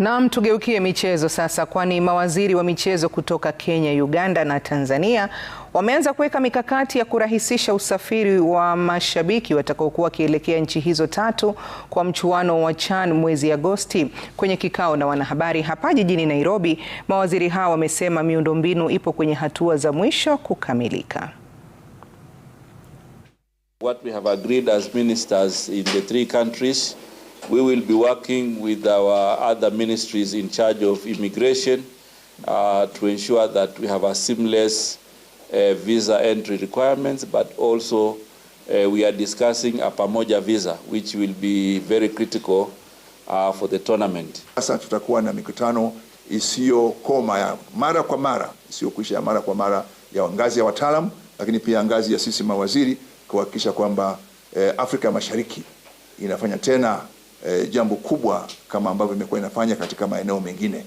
Naam, tugeukie michezo sasa, kwani mawaziri wa michezo kutoka Kenya, Uganda na Tanzania wameanza kuweka mikakati ya kurahisisha usafiri wa mashabiki watakaokuwa wakielekea nchi hizo tatu kwa mchuano wa CHAN mwezi Agosti. Kwenye kikao na wanahabari hapa jijini Nairobi, mawaziri hao wamesema miundombinu ipo kwenye hatua za mwisho kukamilika. What we have agreed as ministers in the three countries We will be working with our other ministries in charge of immigration uh, to ensure that we have a seamless uh, visa entry requirements, but also uh, we are discussing a Pamoja visa which will be very critical uh, for the tournament. Sasa tutakuwa na mikutano isiyokoma ya mara kwa mara isiyokuisha ya mara kwa mara ya ngazi ya wataalam, lakini pia ngazi ya sisi mawaziri kuhakikisha kwamba eh, Afrika Mashariki inafanya tena e, jambo kubwa kama ambavyo imekuwa inafanya katika maeneo mengine.